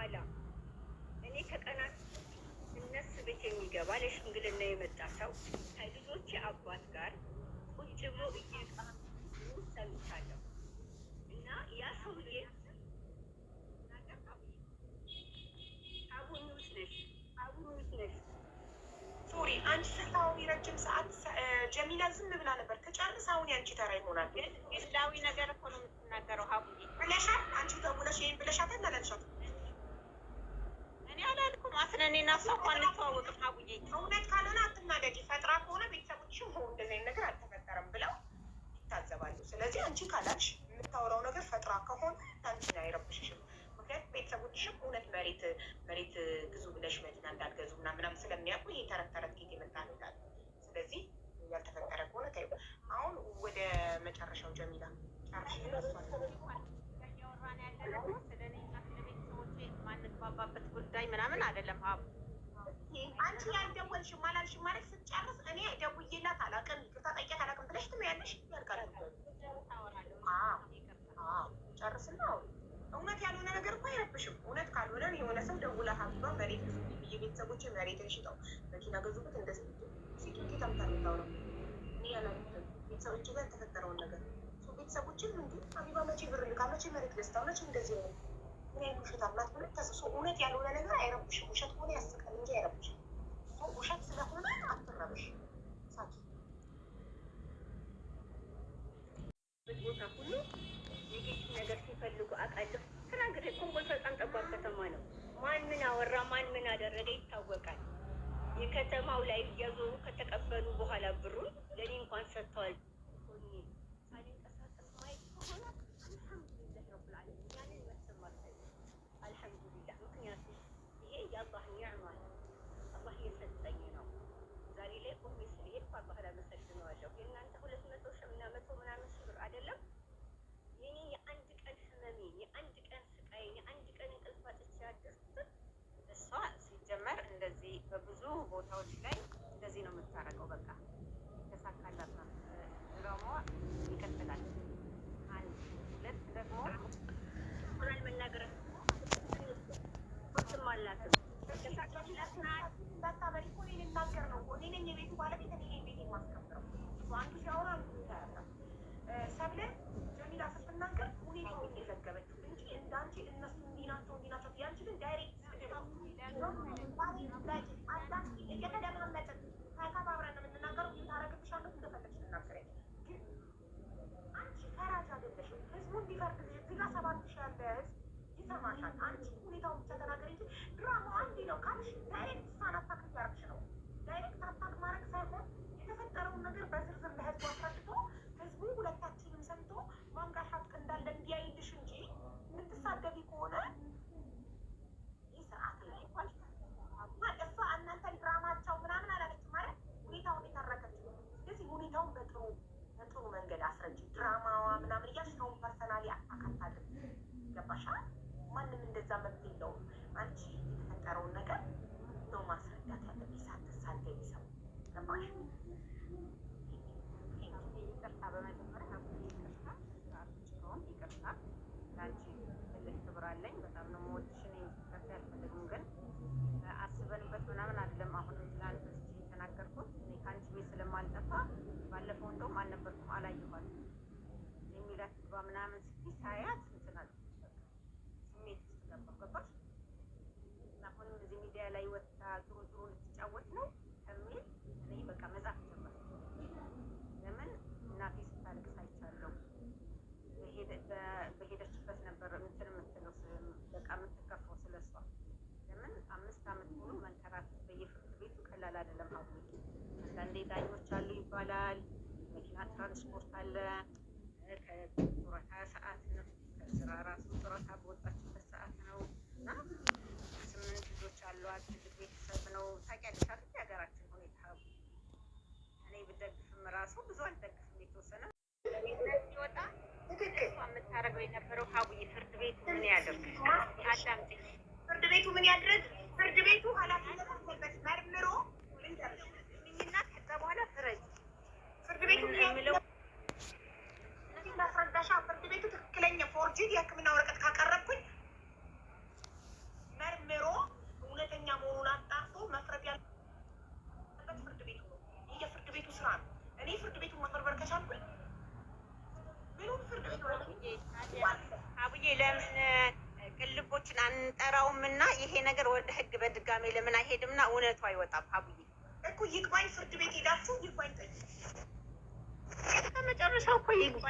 በኋላ እኔ ከቀናት እነሱ ቤት የሚገባ ለሽምግልና የመጣ ሰው ከልጆች አባት ጋር ቁጭ ብሎ እየቃ ሰምቻለሁ እና ያ ሰውዬ አቡኑስ ነሽ አቡኑስ ነሽ ሶሪ አንቺ ስታወሪ ረጅም ሰዓት ጀሚላ ዝም ብላ ነበር። ከጨርስ አሁን ያንቺ ተራ ይሆናል። ግን ግላዊ ነገር እኮ ነው የምትናገረው። ሀቡ ብለሻል። አንቺ ተው ብለሽ ይህን ብለሻት እናለልሻት እኔና እሷ እኮ እንተዋወቅም አጉዬ እውነት ካልሆነ አትናደድ። ፈጥራ ከሆነ ቤተሰቦች ሆ እንደዚህ ነገር አልተፈጠረም ብለው ይታዘባሉ። ስለዚህ አንቺ ካላች የምታወራው ነገር ፈጥራ ከሆነ አንቺን አይረብሽሽም። ምክንያቱም ቤተሰቦችሽም እውነት መሬት መሬት ግዙ ብለሽ መኪና እንዳልገዙ እና ምናምን ስለሚያውቁ ይሄ ተረት ተረት ጌት የመጣ ነው ስለዚህ ያልተፈጠረ ከሆነ ታይ አሁን ወደ መጨረሻው ጀሚላ ጨርሽ ያወራን ያለ የማንግባባበት ጉዳይ ምናምን አይደለም። ሀቡ አንቺ ያልደወልሽም አላልሽም ማለት ስትጨርስ እኔ ደውዬላት አላውቅም ይቅርታ ጠይቄያት አላውቅም ብለሽ ትመያለሽ። ያልቀረ ጨርስና እውነት ያልሆነ ነገር እኮ አይረብሽም። እውነት ካልሆነ የሆነ ሰው ደውላ ሀብቷ መሬት የቤተሰቦች መሬትን ሽጠው መኪና ገዙበት እንደዚህ ሴቶች ተምታሚታው ነው ቤተሰቦች ጋር የተፈጠረውን ነገር ቤተሰቦችም እንዲ አቢባ መቼ ብር ልካ መቼ መሬት ገዝታ መቼ እንደዚህ ነው እኔ ውሸት አላት ብለ ተሰሶ እውነት ያልሆነ ነገር አይረብሽም። ውሸት ሆነ ያስቃል እንጂ አይረብሽም። ውሸት ስለሆነ አትረብሽ። ቦታ ሁሉ የጌች ነገር ሲፈልጉ አውቃለሁ። ተናገር ኮንጎል በጣም ጠባብ ከተማ ነው። ማን ምን አወራ፣ ማን ምን አደረገ ይታወቃል። የከተማው ላይ እያዞሩ ከተቀበሉ በኋላ ብሩን ለእኔ እንኳን ሰጥተዋል። በብዙ ቦታዎች ላይ እንደዚህ ነው ሰባት ሺህ ያለ ህዝብ ይሰማሻል። አንቺ ሁኔታውን ብቻ ተናገሪ እንጂ ድራማው አንዴ ነው ካልሽ ዳይሬክት እሷን አታክ ነው። ዳይሬክት አታክ ማድረግ ሳይሆን የተፈጠረውን ነገር በዝርዝር ለህዝቡ ይገባሻል። ማንም እንደዛ መ አይደለም ሀቡ። አንዳንዴ ዳኞች አሉ ይባላል፣ መኪና ትራንስፖርት አለ፣ ከጡረታ ሰዓት ነው፣ ከስራ ራሱ ጡረታ በወጣችበት ሰዓት ነው። እና ስምንት ልጆች አሏት፣ ትልቅ ቤተሰብ ነው። ታውቂያለሽ አይደል የሀገራችን ሁኔታ ሀቡ። እኔ ብደግፍም ራሱ ብዙ አልደግፍም፣ የተወሰነ ሲወጣ የነበረው ሀቡዬ፣ ፍርድ ፍርድ ቤቱ ምን ያድርግ? ፍርድ ቤቱ ኃላፊነት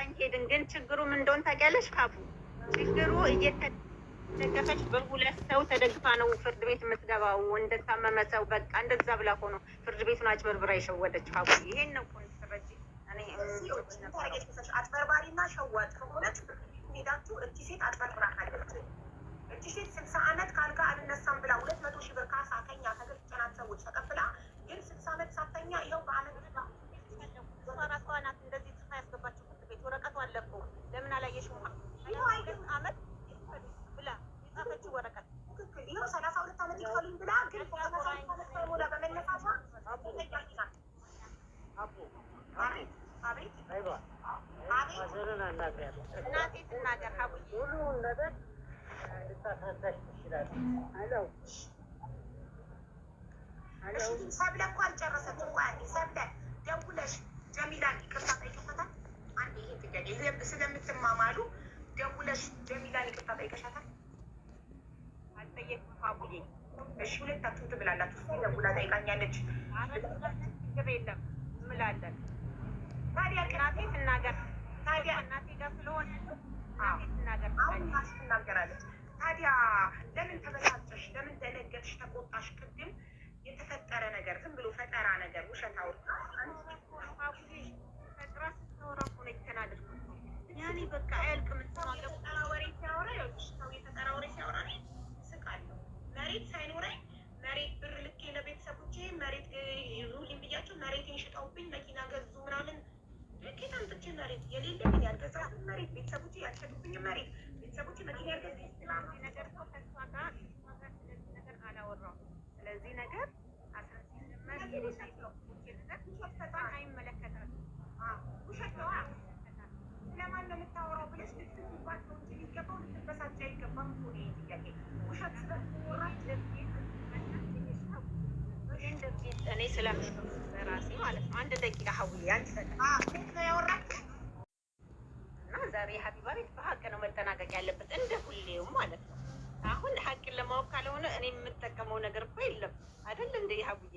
ጥሎኝ ሄድን። ግን ችግሩ ምን እንደሆነ ታውቂያለሽ? ካቡ ችግሩ እየተደገፈች በሁለት ሰው ተደግፋ ነው ፍርድ ቤት የምትገባው። እንደታመመ ሰው በቃ እንደዛ ብላ ሆኖ ነው ፍርድ ቤቱን አጭበርብራ የሸወደች። ካቡ ይሄን ነው ኮን ስረጂ አጭበርባሪና ሸዋጭ ሆነት ሄዳችሁ እቺ ሴት አጭበርብራ ካለች እቺ ሴት ስልሳ አመት ካልጋ አልነሳም ብላ ሁለት መቶ ሺህ ብር ካሳ ከኛ ከገጭናት ሰዎች ተቀብላ ግን ስልሳ አመት ሳተኛ ይኸው በአመት እንደዚህ ጽፋ ያስገባቸው ጻፈች። ወረቀቱ አለቆ ለምን አላየሽውም? አመት ብላ የጻፈችው ወረቀት ይኸው ሰላሳ ሁለት አመት ይክፈሉኝ ብላ ግን ሞላ በመነሳቷ አቤት እናቴ ትናገር ሀቡዬ ሁሉን ነገር ልታስረዳሽ ትችላለሽ። ሰብለ እኮ አልጨረሰችም። ሰብለ ደውለሽ ጀሚላን ይቅርታ ጠይቀሻታል? አንድ ይሄ ጥያቄ ስለምትማማሉ ደውለሽ ደሚላን ይቅርታ ጠይቀሻታል? አልጠየቅኩም አቡዬ። እሺ ሁለታችሁ ትብላላችሁ። ደውላ ጠይቃኛለች። ግብ የለም ምላለን። ታዲያ ቅናቴ ትናገር። ታዲያ እናቴ ጋር ስለሆነ ትናገር ትናገራለች። ታዲያ ለምን ተበሳጨሽ? ለምን ደነገጥሽ? ተቆጣሽ? ቅድም የተፈጠረ ነገር ዝም ብሎ ፈጠራ ነገር ውሸት አውርታ መሬት ሳይኖረኝ መሬት ብር ልኬ ለቤተሰቦቼ መሬት ኑልኝ ብያቸው መሬቴን ሽጠውብኝ መኪና ገዙ ምናምን ልኬት አምጥቼ መሬት የሌለኝ ያልገዛሁትን መሬት ቤተሰቦቼ ያልሸጡብኝ መሬት ቤተሰቦቼ መኪና ያልገዙ ነገር ነው። ከእሷ ጋር ስለዚህ ነገር አላወራሁም። ስለዚህ ነገር አይመለከታል ውሸት ነዋ። ስለማን ነው የምታወራው ብለሽ ልትባት ነው እንጂ የሚገባው ልትበሳጭ አይገባም። ሆነ ጥያቄ ውሸት ስለወራች እኔ ስለራሴ ማለት ነው። አንድ ደቂቃ ሀውዬ አንድ ነው ያወራች እና ዛሬ ሀቢባ ቤት በሀቅ ነው መጠናቀቅ ያለበት እንደ ሁሌው ማለት ነው። አሁን ሀቅን ለማወቅ ካልሆነ እኔ የምጠቀመው ነገር እኮ የለም አይደል እንደ ሀውዬ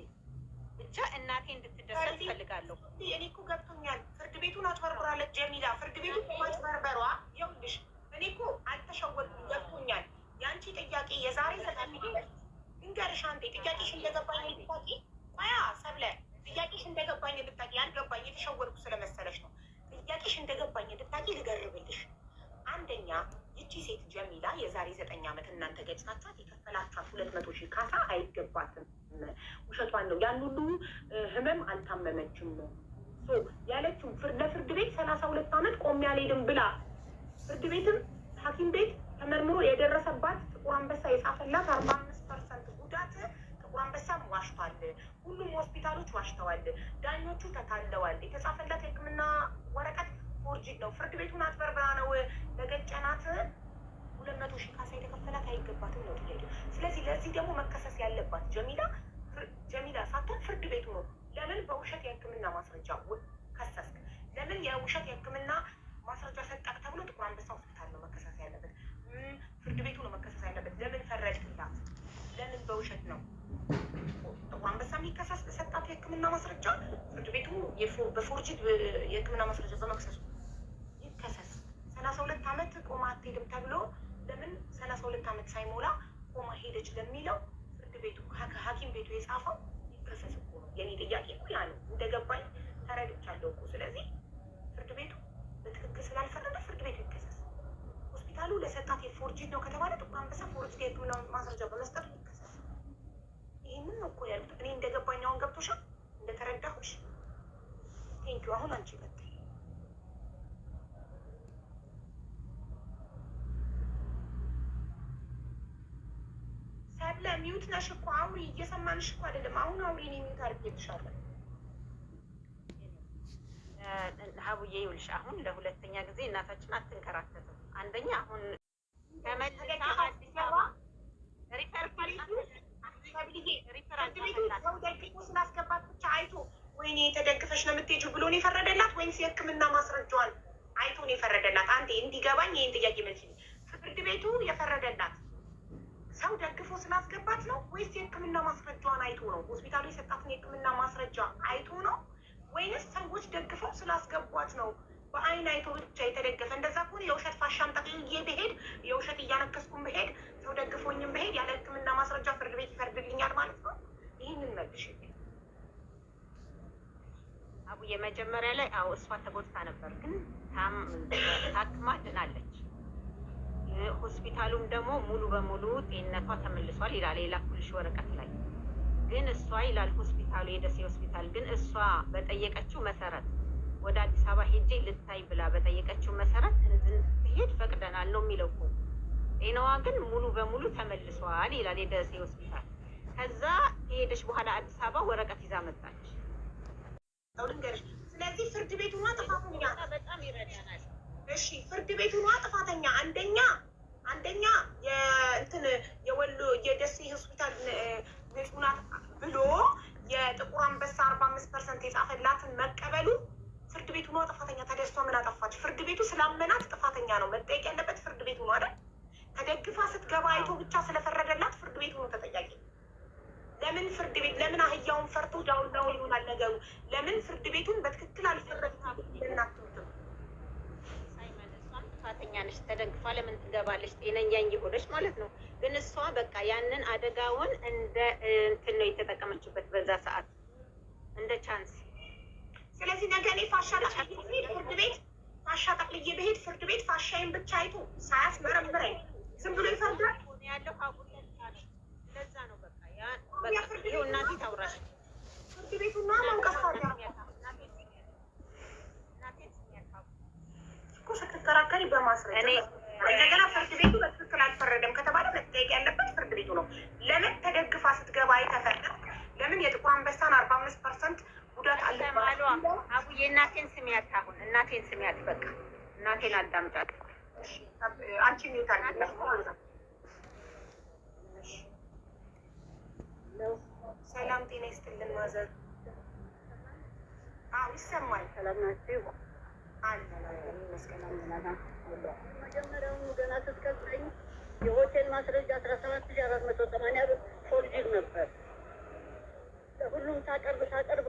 ብቻ እናቴ እንድትደሰት ፈልጋለሁ። እኔ እኮ ገብቶኛል። ፍርድ ቤቱን አጭበርብራለች ጀሚላ። ፍርድ ቤቱ ማጭበርበሯ ይኸውልሽ፣ እኔ እኮ አልተሸወድኩም። ገብቶኛል። የአንቺ ጥያቄ የዛሬ ዘጠኝ እንገርሽ አንዴ ጥያቄሽ እንደገባኝ ልታቂ ያ ሰብለ ጥያቄሽ እንደገባኝ ልታቂ ያልገባኝ የተሸወድኩ ስለመሰለች ነው። ጥያቄሽ እንደገባኝ ልታቂ ልገርብልሽ። አንደኛ ይቺ ሴት ጀሚላ የዛሬ ዘጠኝ ዓመት እናንተ ገጭታችኋት የከፈላችኋት ሁለት መቶ ሺህ ካሳ አይገባትም። ውሸቷን ነው። ያን ሁሉ ህመም አልታመመችም ነው ያለችው። ለፍርድ ቤት ሰላሳ ሁለት ዓመት ቆሜ አልሄድም ብላ ፍርድ ቤትም ሐኪም ቤት ተመርምሮ የደረሰባት ጥቁር አንበሳ የጻፈላት አርባ አምስት ፐርሰንት ጉዳት ጥቁር አንበሳም ዋሽቷል። ሁሉም ሆስፒታሎች ዋሽተዋል። ዳኞቹ ተታለዋል። የተጻፈላት የህክምና ወረቀት ፎርጅድ ነው። ፍርድ ቤቱን አጭበርብራ ነው ለገጨናት ሁለት መቶ ሺህ ካሳ የተከፈላት አይገባትም ነው ስለዚህ ለዚህ ደግሞ መከሰስ ያለባት ጀሚላ ጀሚላ ሳትሆን ፍርድ ቤቱ ነው። ለምን በውሸት የህክምና ማስረጃ ከሰስክ? ለምን የውሸት የህክምና ማስረጃ ሰጠቅ ተብሎ ጥቁር አንበሳ ሆስፒታል ነው መከሰስ ያለበት፣ ፍርድ ቤቱ ነው መከሰስ ያለበት። ለምን ፈረጅ ፈረድክላት? ለምን በውሸት ነው ጥቁር አንበሳ የሚከሰስ? ሰጣት የህክምና ማስረጃ ፍርድ ቤቱ በፎርጅድ የህክምና ማስረጃ በመክሰሱ ይከሰስ። ሰላሳ ሁለት አመት ቆማ አትሄድም ተብሎ ለምን ሰላሳ ሁለት አመት ሳይሞላ ቆማ ሄደች ለሚለው ፍርድ ቤቱ ሐኪም ቤቱ የጻፈው ይከሰስ እኮ ነው። የኔ ጥያቄ እኮ ያ ነው። እንደገባኝ ተረድቻለሁ እኮ። ስለዚህ ፍርድ ቤቱ በትክክል ስላልፈረደ ፍርድ ቤቱ ይከሰስ። ሆስፒታሉ ለሰጣት የፎርጂድ ነው ከተባለ ጥቁር አንበሳ ፎርጅ የህክምና ማስረጃ በመስጠቱ ይከሰስ። ይህንን እኮ ያሉት እኔ እንደገባኝ አሁን ገብቶሻል? እንደተረዳሁሽ። ቴንኪው። አሁን አንቺ አለ። ሚውት ነሽ እኮ አውሪ፣ እየሰማንሽ እኮ አይደለም። አሁን አውሪ፣ እኔ ሚውት አድርጌልሻለሁ። ሀቡዬ ይኸውልሽ፣ አሁን ለሁለተኛ ጊዜ እናታችን አትንከራተትም። አንደኛ አሁን ስላስገባት ብቻ አይቶ ወይኔ የተደግፈሽ ነው የምትሄጂው ብሎ ነው የፈረደላት ወይም የሕክምና ማስረጃዋን አይቶ ነው የፈረደላት? አንዴ እንዲገባኝ ይህን ጥያቄ መልስ። ፍርድ ቤቱ የፈረደላት ሰው ደግፎ ስላስገባት ነው ወይስ የሕክምና ማስረጃዋን አይቶ ነው? ሆስፒታሉ የሰጣትን የሕክምና ማስረጃ አይቶ ነው ወይንስ ሰዎች ደግፈው ስላስገቧት ነው? በአይን አይቶ ብቻ የተደገፈ እንደዛ ከሆነ የውሸት ፋሻም ጠቅልዬ ብሄድ የውሸት እያነከስኩም ብሄድ ሰው ደግፎኝም ብሄድ ያለ ሕክምና ማስረጃ ፍርድ ቤት ይፈርድልኛል ማለት ነው። ይህንን መልሽ አቡ የመጀመሪያ ላይ አዎ እሷ ተጎድታ ነበር፣ ግን ታክማ ድናለች። ሆስፒታሉም ደግሞ ሙሉ በሙሉ ጤንነቷ ተመልሷል ይላል የላኩልሽ ወረቀት ላይ ግን እሷ ይላል ሆስፒታሉ የደሴ ሆስፒታል ግን እሷ በጠየቀችው መሰረት ወደ አዲስ አበባ ሄጄ ልታይ ብላ በጠየቀችው መሰረት ሄድ ፈቅደናል ነው የሚለው እኮ ጤናዋ ግን ሙሉ በሙሉ ተመልሷል ይላል የደሴ ሆስፒታል። ከዛ ከሄደች በኋላ አዲስ አበባ ወረቀት ይዛ መጣች። ስለዚህ ፍርድ ቤቱ ጥፋተኛ በጣም ይረዳናል። እሺ ፍርድ ቤቱ ጥፋተኛ አንደኛ አንደኛ የእንትን የወሎ የደሴ ሆስፒታል ብፁናት ብሎ የጥቁር አንበሳ አርባ አምስት ፐርሰንት የጻፈላትን መቀበሉ ፍርድ ቤቱ ነው ጥፋተኛ። ተደስቷ ምን አጠፋች? ፍርድ ቤቱ ስላመናት ጥፋተኛ ነው መጠየቅ ያለበት ፍርድ ቤቱ ነው አይደል? ተደግፋ ስትገባ አይቶ ብቻ ስለፈረደላት ፍርድ ቤቱ ነው ተጠያቂ። ለምን ፍርድ ቤት ለምን አህያውን ፈርቶ ዳውን ዳውን ይሆናል ነገሩ? ለምን ፍርድ ቤቱን በትክክል አልፈረድና ናት ሰራተኛ ነች፣ ተደግፋ ለምን ትገባለች? ጤነኛ እንዲሆነች ማለት ነው። ግን እሷ በቃ ያንን አደጋውን እንደ እንትን ነው የተጠቀመችበት በዛ ሰዓት እንደ ቻንስ። ስለዚህ ነገ እኔ ፋሻ ፍርድ ቤት ፋሻ ጠቅልዬ በሄድ ፍርድ ቤት ፋሻዬን ብቻ አይቶ ሳያስመረምረኝ ዝም ብሎ ይፈርዳል ያለው ለዛ ነው በቃ ያ በቃ ይሁን እናቴ ታውራሽ ፍርድ ቤቱና መንቀሳቀስ ስትከራከሪ በማስረጃ እንደገና ፍርድ ቤቱ በትክክል አልፈረደም ከተባለ መጠየቅ ያለበት ፍርድ ቤቱ ነው። ለምን ተደግፋ ስትገባ የተፈረደ ለምን የጥቁር አንበሳን አርባ አምስት ፐርሰንት ጉዳት አለ አቡዬ። እናቴን ስሚያት፣ አሁን እናቴን ስሚያት። በቃ እናቴን አዳምጣት። አንቺ ሚታ ሰላም ጤና ይስጥልን ማዘር። አዎ ይሰማል። ሰላም ናችሁ? አልመላከም መጀመሪያውኑ ገና ስትቀጥረኝ የሆቴል ማስረጃ አስራ ሰባት ሺ አራት መቶ ሰማንያ ብር ፎርጅር ነበር። ሁሉም ሳቀርብ ሳቀርብ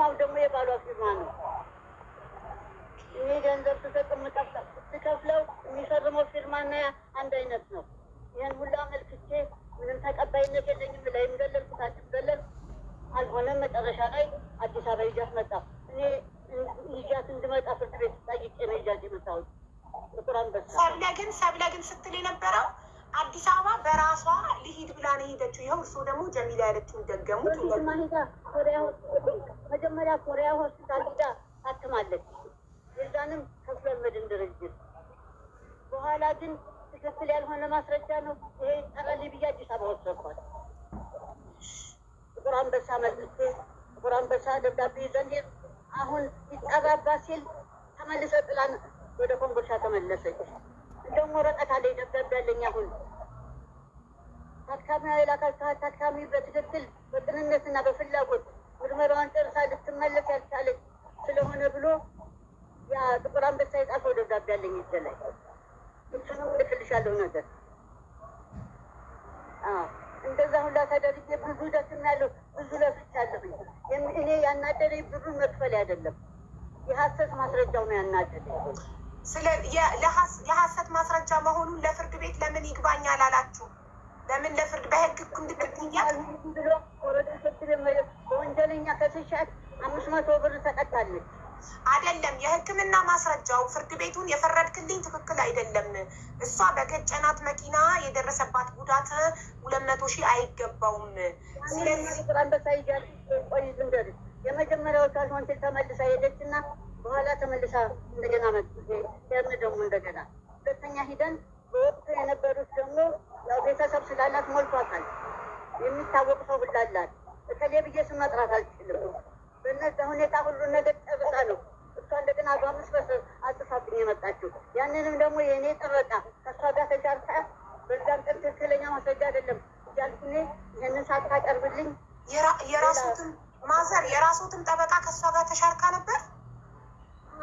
ፊርማው ደግሞ የባሏ ፊርማ ነው። እኔ ገንዘብ ስሰጥም ስከፍለው የሚፈርመው ፊርማና አንድ አይነት ነው። ይህን ሁላ መልክቼ ምንም ተቀባይነት የለኝም። ላይም ገለልኩ፣ ታችም ገለልኩ። አልሆነም። መጨረሻ ላይ አዲስ አበባ ይዣት መጣ። እኔ ይዣት እንድመጣ ፍርድ ቤት ጠይቄ ነው ይዣት የመጣሁት። ጥቁር አንበሳ ሰብለ ግን ሰብለ ግን ስትል የነበረው አዲስ አበባ በራሷ ልሂድ ብላ ነው የሄደችው። ይኸው እርስዎ ደግሞ ጀሚላ ያለችውን ደገሙት። መጀመሪያ ኮሪያ ሆስፒታል ሄዳ ታክማለች። የዛንም ከፍለን መድን ድርጅት በኋላ ግን ትክክል ያልሆነ ማስረጃ ነው ይሄ ጠቀል ብዬ አዲስ አበባ ወሰኳል። ጥቁር አንበሳ መልስ ጥቁር አንበሳ ደብዳቤ ይዘን አሁን ይጠባባ ሲል ተመልሰ ጥላን ወደ ኮንጎሻ ተመለሰች። እንደውም ወረቀት አለኝ ደብዳቤ አለኝ። አሁን ታካሚ የላካችኋት ታካሚ በትክክል በቅንነትና በፍላጎት ምርመራዋን ጨርሳ ልትመለስ ያልቻለች ስለሆነ ብሎ ያ ጥቁር አንበሳ የጻፈው ደብዳቤ አለኝ ይዘላይ እሱንም እልክልሻለሁ ነገር እንደዛ ሁላ ተደርጌ ብዙ ደስም ያለሁ ብዙ ለፍቻለሁኝ። እኔ ያናደረኝ ብሩን መክፈል አይደለም የሀሰት ማስረጃው ነው ያናደረኝ። የሀሰት ማስረጃ መሆኑን ለፍርድ ቤት ለምን ይግባኛል አላችሁ? ለምን ለፍርድ በህግ እኮ እንድትገኛል ከስሻት አምስት መቶ ብር ተቀጣለች። አይደለም የህክምና ማስረጃው ፍርድ ቤቱን የፈረድክልኝ ትክክል አይደለም። እሷ በገጨናት መኪና የደረሰባት ጉዳት ሁለት መቶ ሺህ አይገባውም። ስለዚህ አንበሳ ይጃ ቆይ ልንገርሽ የመጀመሪያው ሳልሆን ስል ተመልሳ ሄደች እና በኋላ ተመልሳ እንደገና ያን ደግሞ እንደገና ሁለተኛ ሂደን በወቅቱ የነበሩት ደግሞ ያው ቤተሰብ ስላላት ሞልቷታል። የሚታወቅ ሰው ብላላት በተለይ ብዬ ስም መጥራት አልችልም። በነዛ ሁኔታ ሁሉ ነገር ጠበቃ ነው እሷ እንደገና በአምስት በስ አጥፋብኝ የመጣችው ያንንም ደግሞ የእኔ ጠበቃ ከእሷ ጋር ተጫርታ በዛም ቀን ትክክለኛ ማስረጃ አይደለም እያልኩኔ ይህንን ሳታቀርብልኝ የራሶትን ማዘር የራሶትን ጠበቃ ከእሷ ጋር ተሻርካ ነበር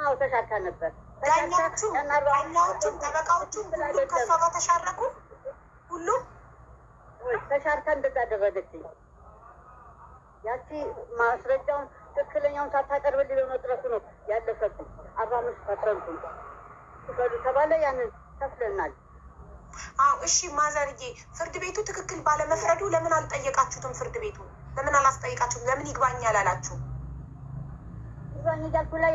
አዎ ተሻርካ ነበር። ዳኛዎቹም ዳኛዎቹም ጠበቃዎቹም ሁሉም ከእሷ ጋር ተሻረኩ። ሁሉም ተሻርታ እንደዛ አደረገችኝ። ያቺ ማስረጃውን ትክክለኛውን ሳታቀርብልኝ ነው ነው ያለፈብኝ። አርባ አምስት ፐርሰንቱ ፍቀዱ ተባለ። ያንን ከፍለናል። አዎ እሺ ማዘርዬ፣ ፍርድ ቤቱ ትክክል ባለመፍረዱ ለምን አልጠየቃችሁትም? ፍርድ ቤቱ ለምን አላስጠየቃችሁም? ለምን ይግባኛል አላችሁ? እሷን እያልኩ ላይ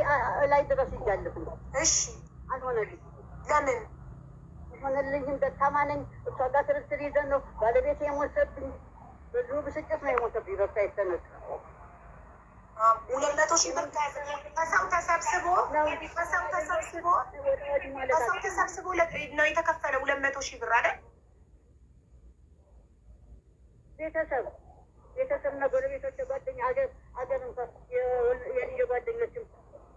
ላይ ድረስ እያለሁ እሺ፣ አልሆነልኝም። ለምን አልሆነልኝም? ደካማ ነኝ። እሷ ጋር ትርትር ይዘን ነው። ባለቤት የሞተብኝ ብዙ ብስጭት ነው የሞተብኝ። በቃ የተነሳ ሁለት መቶ ሺህ ብር ከሰው ተሰብስቦ ከሰው ተሰብስቦ ከሰው ተሰብስቦ ነው የተከፈለ ሁለት መቶ ሺህ ብር አይደል ቤተሰብ ቤተሰብና ጎረቤቶች፣ ጓደኛ ሀገር ሀገር እንኳን የልጅ ጓደኞችም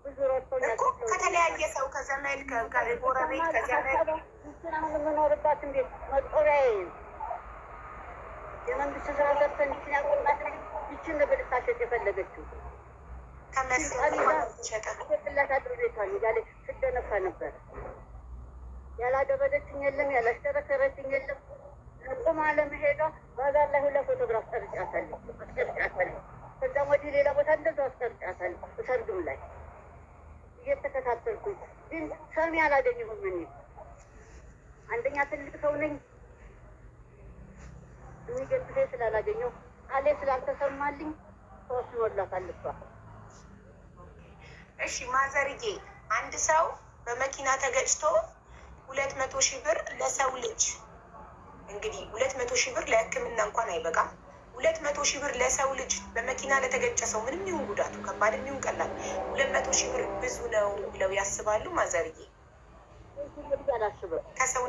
ብዙ ረድቶኛል። ከተለያየ ሰው ከዘመድ ከጎረቤት ከዘመድ አሁን የምኖርባት እንዴት መጦሪያዬ የመንግስት ስራ ገብተን ያቆማት ይችን ነገር ልታሸጥ የፈለገችው ከመስላት አድርቤቷል እያለ ስደነፋ ነበር። ያላደረገችኝ የለም ያላሽተረከረችኝ የለም። ቁማ ለመሄዷ ባዛር ላይ ሁላ ፎቶግራፍ ቀርጫታለሁ አስቀርጫታለሁ። ከዛም ወዲህ ሌላ ቦታ እንደዛው አስቀርጫታለሁ። እሰርዱም ላይ እየተከታተልኩኝ ግን ሰሚ አላገኘሁም። ምን አንደኛ ትልቅ ሰው ነኝ፣ የሚገድፈ ስላላገኘው ቃሌ ስላልተሰማልኝ ሰዎች ይወላታል እሷ። እሺ ማዘርጌ አንድ ሰው በመኪና ተገጭቶ ሁለት መቶ ሺህ ብር ለሰው ልጅ እንግዲህ ሁለት መቶ ሺህ ብር ለህክምና እንኳን አይበቃም። ሁለት መቶ ሺህ ብር ለሰው ልጅ በመኪና ለተገጨ ሰው ምንም ይሁን ጉዳቱ ከባድ ይሁን ቀላል፣ ሁለት መቶ ሺህ ብር ብዙ ነው ብለው ያስባሉ? ማዘርዬ ከሰው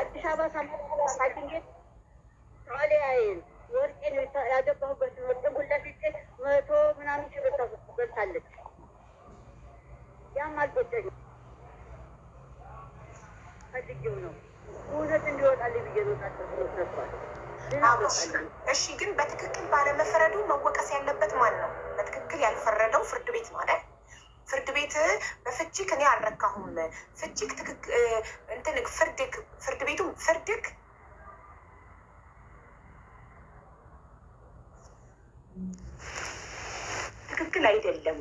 አዲስ አበባ ወርቄን መቶ ምናምን ሺህ ብር ያም ፈልጌው ነው እውነት እንዲወጣልኝ ብዬ ነው። እሺ፣ ግን በትክክል ባለመፍረዱ መወቀስ ያለበት ማን ነው? በትክክል ያልፈረደው ፍርድ ቤት ማለት ፍርድ ቤት በፍቺክ እኔ አልረካሁም፣ ፍቺክ እንትን ፍርድክ ፍርድ ቤቱ ፍርድክ ትክክል አይደለም።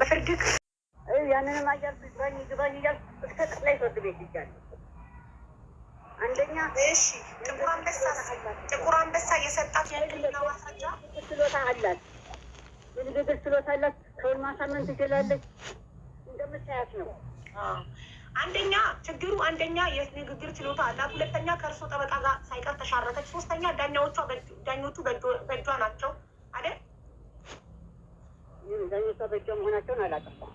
በፍርድክ ምንም አያልኩ ይግባኝ ይግባኝ እያልኩ እስከ ጠቅላይ ፍርድ ቤት ይጃለሁ። አንደኛ እሺ፣ ጥቁር አንበሳ የሰጣት ማስረጃ ችሎታ አላት፣ የንግግር ችሎታ አላት። ሰውን ማሳመን ትችላለች። እንደምታያት ነው። አንደኛ ችግሩ አንደኛ የንግግር ችሎታ አላት፣ ሁለተኛ ከእርሶ ጠበቃ ጋር ሳይቀር ተሻረተች፣ ሶስተኛ ዳኛዎቿ ዳኞቹ በእጇ ናቸው አይደል? ዳኞቿ በእጇ መሆናቸውን አላጠፋም።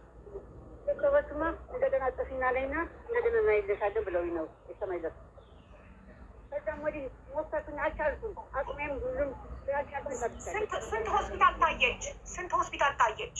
የክሮበትማ እንደገና ጥፊና ላይና እንደገና እናይልሻለን ብለውኝ ነው የተመለሱ። ከዛም ወዲህ ወሰቱኝ፣ አልቻልኩም። አቅሜም ሁሉም ስንት ሆስፒታል ታየች፣ ስንት ሆስፒታል ታየች